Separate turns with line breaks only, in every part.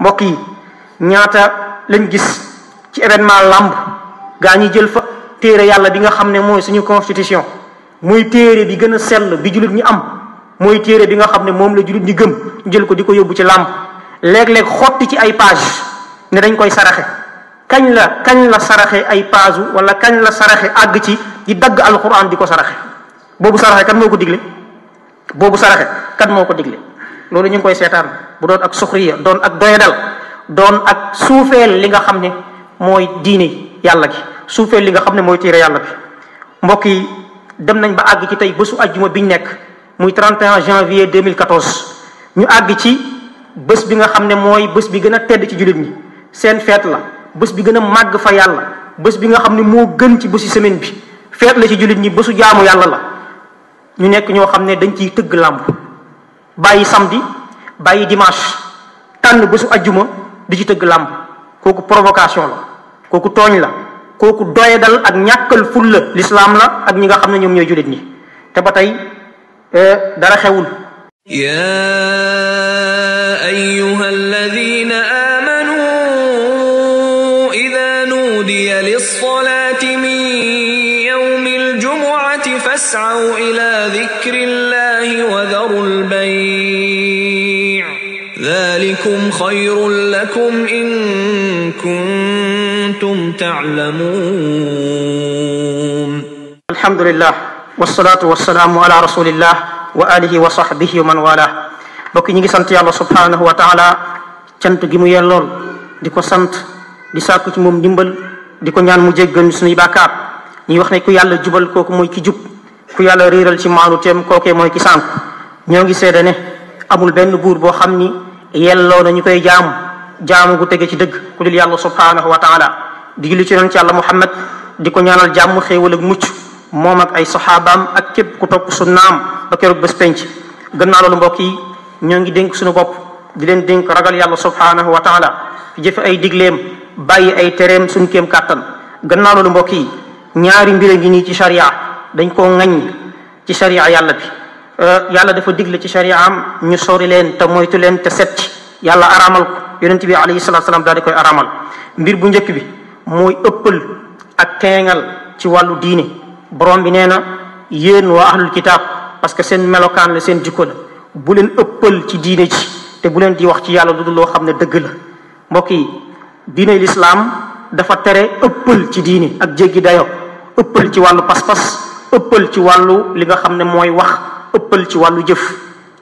mbokk yi ñaata lañ gis ci événement làmb gaa ñi jël fa téere yàlla bi nga xam ne mooy suñu constitution mooy téere bi gën a sell bi jullit ñi am mooy téere bi nga xam ne moom la jullit ñi gëm jël ko di ko yóbbu ci làmb léeg-léeg xotti ci ay page ne dañ koy saraxe kañ la kañ la saraxe ay page wala kañ la saraxe àgg ci di dagg alquran di ko saraxe boobu saraxe kan moo ko digle boobu saraxe kan moo ko digle loolu ñu ngi koy seetaan bu doon ak suxriya doon ak doyadal doon ak suufeel li nga xam ne mooy diini yàlla gi suufeel li nga xam ne mooy tiire yàlla bi mbokk yi dem nañ ba àgg ci tey bésu ajjuma biñ nekk muy 31 janvier 2014 ñu àgg ci bés bi nga xam ne mooy bés bi gën a tedd ci jullit ñi seen feet la bés bi gën a màgg fa yàlla bés bi nga xam ne moo gën ci bésu semaine bi feet la ci jullit ñi bésu jaamu yàlla la ñu nekk ñoo xam ne dañ ciy tëgg làmb bàyyi samedi bàyyi dimanche tànn bésu ajjuma di ci tëgg làmb kooku provocation la kooku tooñ la kooku doyadal ak ñàkkal fulla lislaam la ak ñi nga xam ne ñoom ñooy jullit ni te ba tey eh, dara xewul. yaa ذلكم خير لكم إن كنتم تعلمون الحمد لله والصلاة والسلام على رسول الله وآله وصحبه ومن والاه bokk ñi ngi sant yàlla subhanahu wa taala cant gi mu yellool di ko sant di sàkku ci moom ndimbal di ko ñaan mu jéggal ñu suñuy bàkkaar ñuy wax ne ku yàlla jubal kooku mooy ki jub ku yàlla réeral ci maanu teem kookee mooy ki sànk ñoo ngi seede ne amul benn buur boo xam ni yelloo na ñu koy jaamu jaamu gu tege ci dëgg ku dul yàlla subhaanahu wa taala ci julli ci yonent yàlla muhammad di ko ñaanal jàmm xéewal ak mucc moom ak ay saxaabaam ak képp ku su sunnaam ba keroog bés penc gën naa loolu mbokk yi ñoo ngi dénk suñu bopp di leen dénk ragal yàlla subhaanahu wa taala jëf ay digleem bàyyi ay tereem suñ kéem kàttan gën naa loolu mbokk yi ñaari mbir a ngi nii ci sharia dañ koo ŋañ ci sharia yàlla bi Eh, yàlla dafa digle ci shari'am ñu sori leen te moytu leen te set ci yàlla araamal ko yonent bi alayhi salaatu salaam daal di koy araamal mbir bu njëkk bi mooy ëppal ak teengal ci wàllu diine borom bi nee na yéen waa ahlul kitaab parce que seen melokaan la seen jikko la bu leen ëppal ci diine ji te bu leen di wax ci yàlla lu dul loo xam ne dëgg la mbokk yi diine lislaam dafa tere ëppal ci diine ak jéggi dayo ëppal ci wàllu pas-pas ëppal ci wàllu li nga xam ne mooy wax ëppal ci wàllu jëf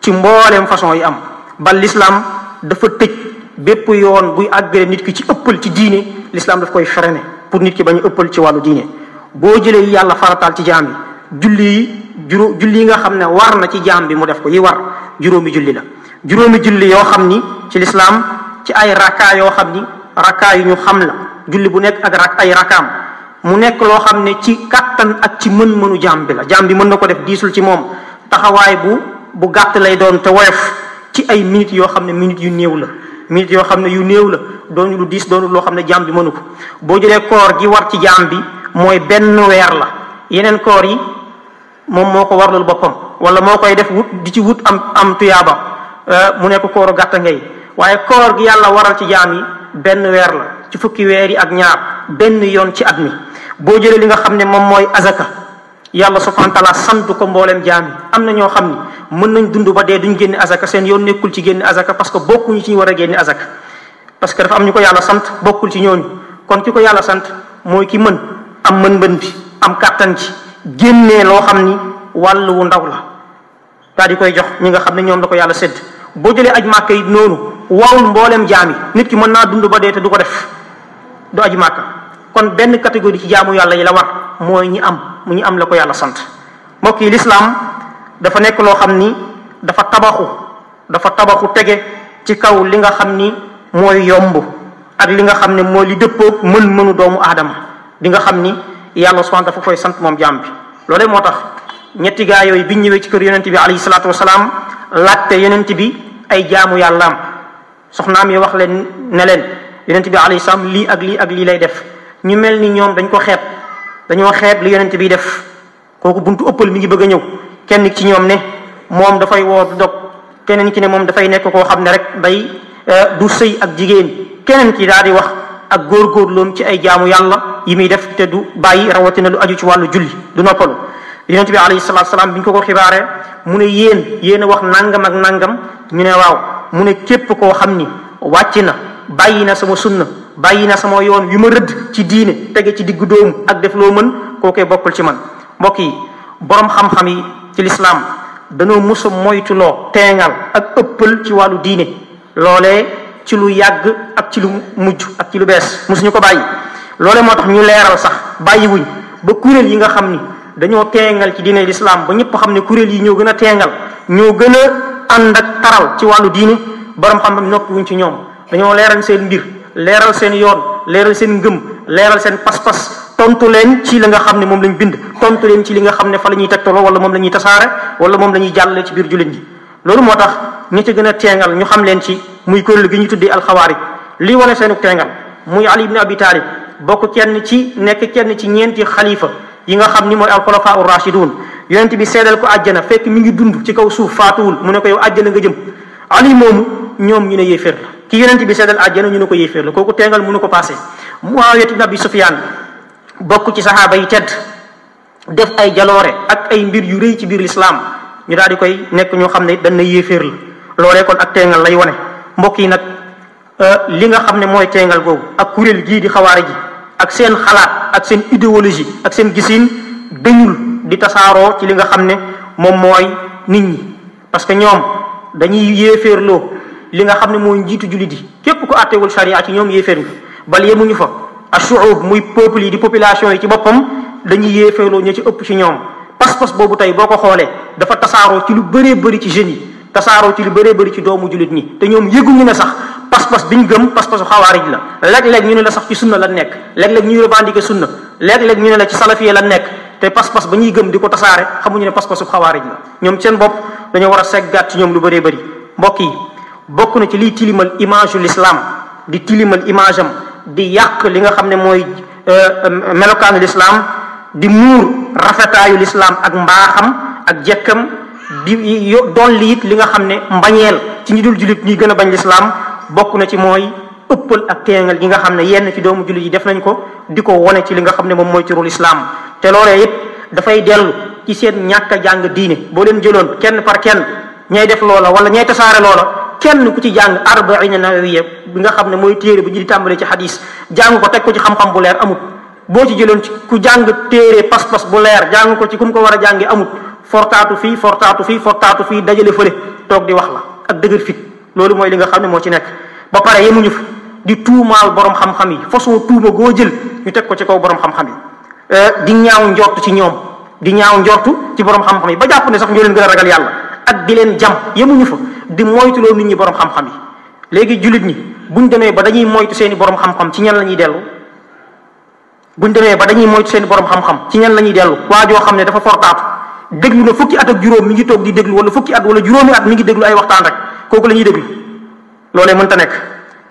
ci mboolem façon yi am ba lislaam dafa tëj bépp yoon buy àggale nit ki ci ëppal ci diine lislaam daf koy freiné pour nit ki ba a ëppal ci wàllu diine boo jëlee yi yàlla farataal ci jaam yi julli yi juróom julli yi nga xam ne war na ci jaam bi mu def ko yi war juróomi julli la juróomi julli yoo xam ni ci lislaam ci ay rakkaa yoo xam ni rakkaa yu ñu xam la julli bu nekk ak rak ay rakkaam mu nekk loo xam ne ci kàttan ak ci mën-mënu jaam bi la jaam bi mën na ko def diisul ci moom taxawaay bu bu gàtt lay doon te woyof ci ay minutes yoo xam ne minutes yu néew la minutes yoo xam ne yu néew la doonu lu diis doonu loo xam ne jaam bi mënu ko boo jëlee koor gi war ci jaam bi mooy benn weer la yeneen koor yi moom moo ko warlul boppam wala moo koy def wut di ci wut am am tuyaaba eh, mu nekk kooru gàtt ngay waaye koor gi yàlla waral ci jaam yi benn weer la ci fukki weer yi ak ñaar benn yoon ci at mi boo jëlee li nga xam ne moom mooy azaka yàlla subhanahu wa taala sant ko mbooleem jaam yi am na ñoo xam ne mën nañ dund ba dee duñ génne azaka seen yoon nekkul ci génne azaka parce que bokkuñu ci ñu war a génne azaka parce que dafa am ñu ko yàlla sant bokkul ci ñooñu kon ki ko yàlla sant mooy kii mën am mën-mën bi am kàttan ci génnee loo xam ni wàll wu ndaw la daal di koy jox ñi nga xam ne ñoom la ko yàlla sedd boo jëlee aj màkka yi noonu waawul mbooleem jaam yi nit ki mën naa dund ba dee te du ko def du aj màkka kon benn catégorie ci jaamu yàlla yi la war mooy ñi am mu ñu am la ko yàlla sant mbokk yi lislaam dafa nekk loo xam ni dafa tabaxu dafa tabaxu tege ci kaw li nga xam ni mooy yomb ak li nga xam ne mooy li dëppoo mën-mënu doomu aadama di nga xam ni yàlla subhanahu dafa koy sant moom jaam bi loole moo tax ñetti gaa yooyu biñ ñëwee ci kër yonent bi alayhi salaatu wasalaam laajte yonent bi ay jaamu yàllaam soxnaam yi wax leen ne leen yonent bi alayhi salaam lii ak lii ak lii lay def ñu mel ni ñoom dañ ko xeeb dañoo xeeb li yonent bi def kooku buntu ëppal mi ngi bëgg a ñëw kenn ci ñoom ne moom dafay woor dog keneen ki ne moom dafay nekk koo xam ne rek day euh, du sëy ak jigéen keneen ci daal di wax ak góor góorgóorloom ci ay jaamu yàlla yi muy def te du bàyyi rawatina lu aju ci wàllu julli du noppalu yonent bi alayhi salaatu salaam bi ñu ko ko xibaaree mu ne yéen yéen a wax nàngam ak nangam ñu ne waaw mu ne képp koo xam ni wàcc na bàyyi na sama sunna bàyyi na sama yoon wi ma rëdd ci diine tege ci diggu dóomu ak def loo mën kookee bokkul ci man mbokk yi boroom xam-xam yi ci lislaam danoo mosa moytuloo teengal ak ëppal ci wàllu diine loole ci lu yàgg ak ci lu mujj ak ci lu bees ñu ko bàyyi loole moo tax ñu leeral sax bàyyiwuñ ba kuréel yi nga xam ni dañoo teengal ci diine lislaam ba ñëpp xam ne kuréel yi ñoo gën a teengal ñoo gën a ànd ak taral ci wàllu diine boroom xam-xam noppi wuñ ci ñoom dañoo leeral seen mbir leeral seen yoon leeral seen ngëm leeral seen pas-pas tontu leen ci la nga xam ne moom lañ bind tontu leen ci li nga xam ne fa la ñuy tegtaloo wala moom la ñuy tasaare wala moom la ñuy jàllale ci biir jullit ñi loolu moo tax ñi ci gën a teengal ñu xam leen ci muy kuréel gi ñu tuddee alxawaarij lii wane seenu teengal muy ali ibn abi taalib bokk kenn ci nekk kenn ci ñeenti xalifa yi nga xam ni mooy alxulafaa ur rashidun yonent bi seedal ko àjjana fekk mu ngi dund ci kaw suuf faatuwul mu ne ko yow àjjana nga jëm ali moomu ñoom ñu ne yéeféer ki yeneen yonent bi seddal àjjana ñu ne ko yéeféer la kooku teengal nu ko passé Muawiyat ibn Abi Sufyaan bokk ci saxaaba yi tedd def ay jaloore ak ay mbir yu rëy ci biir lislaam ñu daal di koy nekk ñoo xam ne dañ na yéeféer la loolee kon ak teengal lay wane mbokk yi nag euh, li nga xam ne mooy teengal googu ak kuréel gii di xawaari ji ak seen xalaat ak seen idéologie ak seen gisiin dañul di tasaaroo ci li nga xam ne moom mooy nit ñi parce que ñoom dañuy yéeféerloo li nga xam ne mooy njiitu jullit yi képp ko àttewul charia ci ñoom yéeféer nga bal yemuñu fa ashuub muy peuple yi di population yi ci boppam dañuy yéeféerloo ña ci ëpp ci ñoom pas-pas boobu tey boo ko xoolee dafa tasaaroo lu bëree bëri ci jeunes yi tasaaroo ci lu bëree bëri ci doomu jullit ñi te ñoom yëguñu ne sax pas-pas bi ñu gëm pas-pasu xawaarij la léeg ñu ne la sax ci sunna la nekk léeg-léeg ñuy revendiquer sunna léeg-léeg ñu ne la ci la nekk te pas-pas ba ñuy gëm di ko tasaare xamuñu ne pas-pasu xawaarij la ñoom seen bopp dañoo war a seggaat ci ñoom lu bëree bari mbokk yi bokk na ci liy tilimal image lislaam di tilimal image di yàq li nga xam ne mooy euh, euh, melokaanu lislaam di muur rafetaayu lislaam ak mbaaxam ak jekkam di yo doon li li nga xam ne mbañeel ci ñi dul jullit ñuy gën a bañ lislaam bokk na ci mooy ëppal ak teengal yi nga xam ne yenn ci doomu jullit yi def nañ ko di ko wone ci li nga xam ne moom mooy turul islaam te loolee it dafay dell ci seen ñàkk jàng diine boo leen jëloon kenn par kenn ñay def loola wala ñay tasaare loola kenn ku ci jàng arbaina nawawiya bi nga xam ne mooy téere bu ñu di tàmbalee ci xadis jàng ko teg ko ci xam-xam bu leer amut boo ci jëloon ci ku jàng téere pas-pas bu leer jàng ko ci ku mu ko war a jàngi amut fortaatu fii fortaatu fii fortaatu fii dajale fële toog di wax la ak dëgër fit loolu mooy li nga xam ne moo ci nekk ba pare yemuñu fi di tuumaal borom xam-xam yi façon tuuma goo jël ñu teg ko ci kaw borom xam-xam yi euh, di ñaaw njort ci ñoom di ñaaw njortu ci borom xam-xam yi ba jàpp ne sax ñoo leen ragal yàlla ak di leen jam yemuñu fa di moytuloo nit ñi borom xam-xam yi léegi jullit ñi buñ demee ba dañuy moytu seeni borom xam-xam ci ñan la ñuy dellu buñ demee ba dañuy moytu seeni borom xam-xam ci ñan la ñuy dellu waa joo xam ne dafa fortaatu déglu na fukki at ak juróom mi ngi toog di déglu wala fukki at wala juróomi at mi ngi déglu ay waxtaan rek kooku la ñuy déglu loolee mënta nekk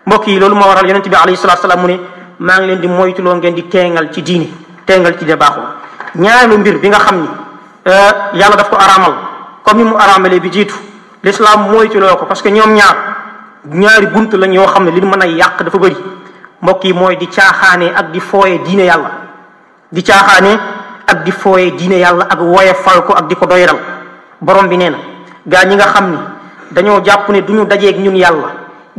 mbokk yi loolu moo waral yonent bi alayhi salaatu salaam mu ne maa ngi leen di moytuloo ngeen di teengal ci diini teengal ci de baaxul ñaareelu xam ni euh, yàlla ko araamal comme ni mu araamale bi jiitu l'islam mooy ci loo ko parce que ñoom ñaar ñaari gunt lañ yoo xam ne li mën a yàq dafa bëri mbokk yi mooy di caaxaanee ak di fooye diine yàlla di caaxaanee ak di fooye diine yàlla ak woye fal ko ak di ko doyral borom bi nee na gaa ñi nga xam ni dañoo jàpp ne du ñu ñun yàlla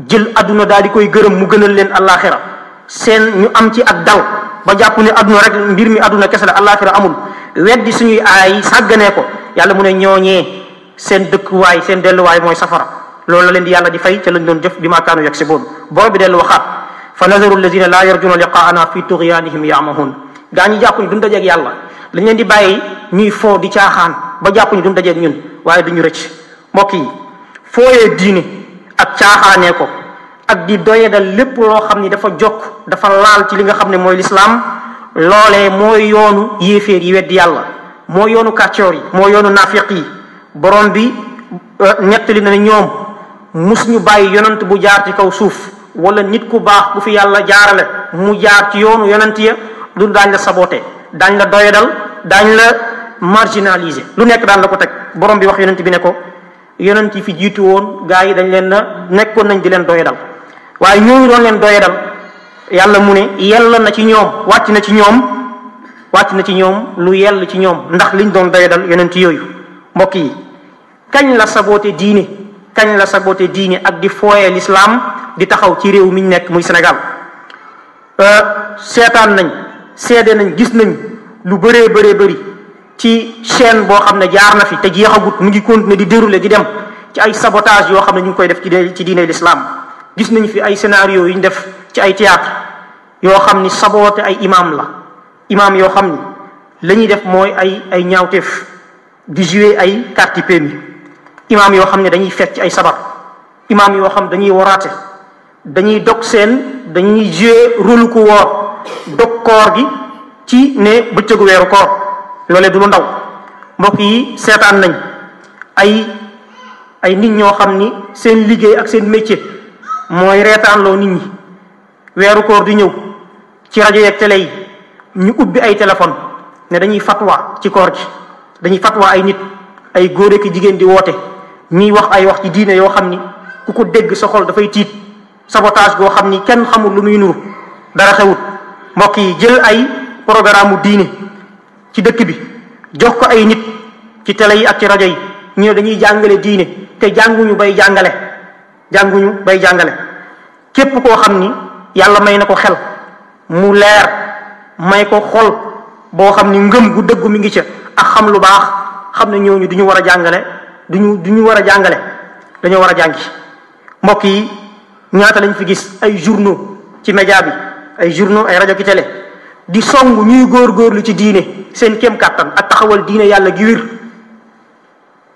jël àdduna daal di koy gërëm mu gënal leen àllaaxira seen ñu am ci ak dal ba jàpp ne adduna rek mbir mi àdduna kese la àllaaxira amul weddi suñuy aay sàgganee ko yàlla mu ne ñooñee seen dëkkuwaay seen delluwaay mooy safara loolu la leen di yàlla di fay ca lañ doon jëf bi ma kaanu yaksibuun boobu bi dellu waxaat fa nadaru alladina laa yarjuna liqaana fi tughyanihim yaamahun gaa ñi jàpp ni duñ dajeeg yàlla lañ leen di bàyyi ñuy foo di caaxaan ba jàpp ni duñ dajeeg ñun waaye duñu rëcc mbokk yi fooyee diine ak caaxaanee ko ak di doyedal lépp loo xam ni dafa jokk dafa laal ci li nga xam ne mooy lislaam loolee mooy yoonu yéeféer yi weddi yàlla moo yoonu kàccoor yi moo yoonu naafiq yi borom bi euh, nettali na ne ñoom mus ñu bàyyi yonant bu jaar ci kaw suuf wala nit ku baax bu fi yàlla jaarale mu jaar ci yoonu yonant ya lu daañ la saboté daañ la doyadal daañ la marginaliser lu nekk daan la ko teg borom bi wax yonent bi ne ko yonent yi fi jiitu woon gaa yi dañ leen na nekkoon nañ di leen doyadal waaye ñooñu doon leen doyadal yàlla mu ne yell na ci ñoom wàcc na ci ñoom wàcc na ci ñoom lu yell ci ñoom ndax liñ doon doyadal yonent yooyu mbokk yi kañ la saboté diine kañ la saboté diine ak di fooye lislaam di taxaw ci réew mi ñu nekk muy Sénégal euh, seetaan nañ seede nañ gis nañ lu bëree bëree bëri ci chaîne boo xam ne jaar na fi te jeexagut mu ngi continuer di dérouler di dem ci ay sabotage yoo xam ne ñu ngi koy def ci ci diine lislaam gis nañ fi ay scénario yu ñu def ci ay théâtre yoo xam ni saboté ay imaam la imaam yoo xam ni lañuy def mooy ay ay ñaawteef di jouer ay carte pénale imaam yoo xam ne dañuy fecc ay sabar imaam yoo xam dañuy waraate dañuy dog seen dañuy jouer rôle ku woor dog koor gi ci ne bëccëgu weeru koor loolee du lu ndaw mbokk yi seetaan nañ ay ay nit ñoo xam ni seen liggéey ak seen métier mooy reetaanloo nit ñi weeru koor di ñëw ci rajo yeeg télé yi ñu ubbi ay téléphone ne dañuy fatwa ci koor gi dañuy fatwa ay nit ay góor ak jigéen di woote ñuy wax ay wax ci diine yoo xam ni ku ko dégg sa xol dafay tiit sabotage goo xam ni kenn xamul lu muy nuru dara xewut mbokk yi jël ay programme mu diine ci dëkk bi jox ko ay nit ci tele yi ak ci rajo yi ñu dañuy jàngale diine te jànguñu bay jàngale jànguñu bay jàngale képp koo xam ni yàlla may na ko xel mu leer may ko xol boo xam ni ngëm gu dëggu mi ngi ca ak xam lu baax xam ne ñooñu du ñu war a jàngale du ñu war a jàngale dañoo war a jàngi mbokk yi ñaata lañ fi gis ay journaux ci média bi ay journaux ay rajo ki télé di song ñuy góor góorgóorlu ci diine seen kéem kàttan ak taxawal diine yàlla gi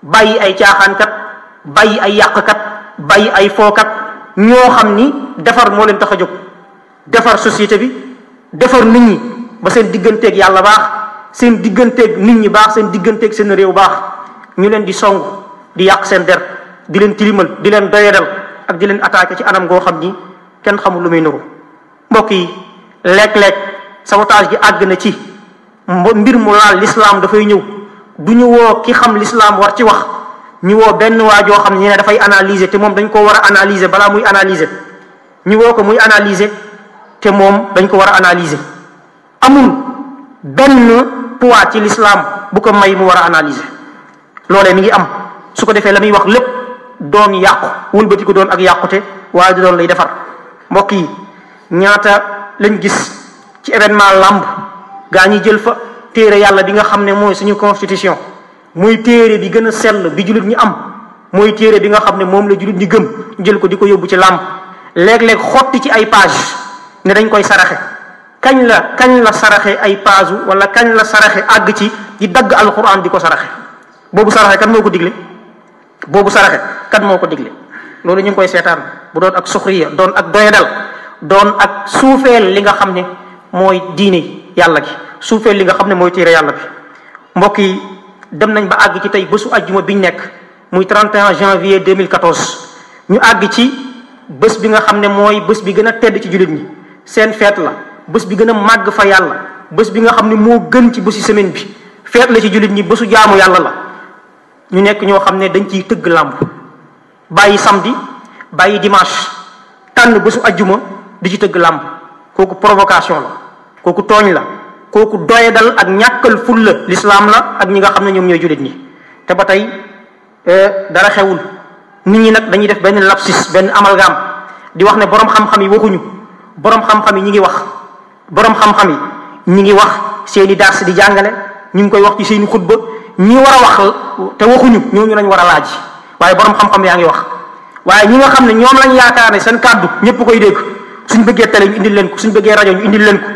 bàyyi ay caaxaankat bàyyi ay yàqkat bàyyi ay fookat ñoo xam ni defar moo leen tax a jóg defar société bi defar nit ñi ba seen digganteeg yàlla baax seen digganteeg nit ñi baax seen digganteeg seen réew baax ñu leen di song di yàq seen der di leen tilimal di leen doyadal ak di leen attaqué ci anam goo xam ni kenn xamul lu muy nuru mbokk yi lekk léeg-léeg sabotage gi àgg na ci mbir mu laal lislaam dafay ñëw du ñu woo ki xam lislaam war ci wax ñu woo benn waa joo xam ne ne dafay analyser te moom dañ ko war a analyser balaa muy analyser ñu woo ko muy analyser te moom dañ ko war a analyser amul benn poids ci lislaam bu ko may mu war a analyser loolee mi ngi am su ko defee la muy wax lépp doon yàqu wëlbati ko doon ak yàqute waaye du doon lay defar mbokk yi ñaata lañ gis ci événement làmb gaa ñi jël fa téere yàlla bi nga xam ne mooy suñu constitution muy téere bi gën a sell bi jullit ñi am mooy téere bi nga xam ne moom la jullit ñi gën jël ko di ko yóbbu ci làmb léeg-léeg xotti ci ay page ne dañ koy saraxe kañ la kañ la saraxe ay page wala kañ la saraxe àgg ci di dagg alquran di ko saraxe boobu saraxe kan moo ko digle boobu saraxe kan moo ko digle loolu ñu ngi koy seetaan bu doon ak suxriya doon ak doyadal doon ak suufeel li nga xam ne mooy diine yàlla gi suufeel li nga xam ne mooy tiire yàlla bi mbokk yi dem nañ ba àgg ci tey bésu ajjuma biñ nekk muy 31 janvier 2014 ñu àgg ci bés bi nga xam ne mooy bés bi gën a tedd ci jullit ñi seen feet la bés bi gën a màgg fa yàlla bés bi nga xam ne moo gën ci bésu semaine bi feet la ci jullit ñi bésu jaamu yàlla la ñu nekk ñoo xam ne dañ ciy tëgg làmb bàyyi samedi bàyyi dimanche tànn bésu ajjuma di ci tëgg làmp kooku provocation la kooku tooñ la kooku doyadal ak ñàkkal fulla lislaam la ak ñi nga xam ne ñoom ñooy jullit nii te ba tey euh, dara xewul nit ñi nag dañuy def benn lapsus benn amalgam di wax ne boroom xam-xam yi waxuñu boroom xam-xam yi ñi ngi wax boroom xam-xam yi ñi ngi wax seeni dars di jàngale ñu ngi koy wax ci seeni xutba ñi war a wax te waxuñu ñooñu lañ war a laaj waaye borom xam-xam yaa ngi wax waaye ñi nga xam ne ñoom lañ yaakaar ne seen kàddu ñëpp koy dégg suñ bëggee télé ñu indil leen ko suñ bëggee rajo ñu indil leen ko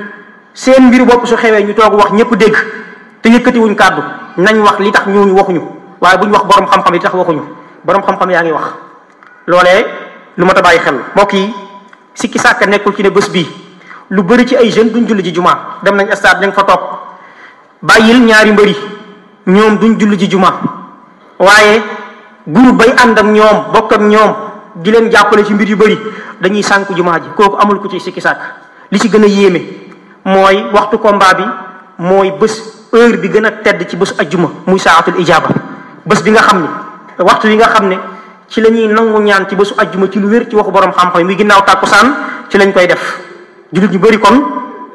seen mbiru bopp su xewee ñu toog wax ñëpp dégg te yëkkatiwuñ kàddu nañ wax li tax ñooñu waxuñu waaye buñ wax borom xam-xam li tax waxuñu borom xam-xam yaa ngi wax loolee lu mat a bàyyi xel mbokk yi sikki sàkka nekkul ci ne bés bii lu bëri ci ay jeunes duñ julli ji jumaa dem nañ stade nañ fa toog bàyyil ñaari mbëri ñoom duñ julli ci juma waaye groupe bay ànd ñoom bokk ak ñoom di leen jàppale ci mbir yu bëri dañuy sànku jumaa ji kooku amul ku ci sikki sàkk li ci gën a yéeme mooy waxtu komba bi mooy bés heure bi gën a tedd ci bés ajjuma muy saatul ijaaba bës bi nga xam ne waxtu yi nga xam ne ci la ñuy nangu ñaan ci bésu ajjuma ci lu wér ci waxu borom xam-xam muy ginnaaw tàkkusaan ci lañ koy def jullit ñu bari kon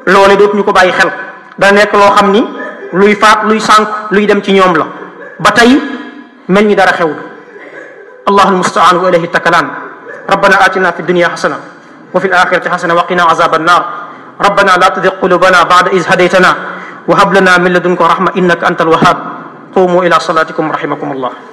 loole ñu ko bàyyi xel dana nekk luy faat luy sànk luy dem ci ñoom la ba tey mel ni dara xewul allahu almustaan wa ilayhi takalaan rabbana atina fi dunya xasana wa fi alaxirati xasana wa qina azab annar rabbana la tudiq qulubana bada is hadaytana wa hab lana min ladunka rahma innaka anta alwahab qumu ila salatikum rahimakum allah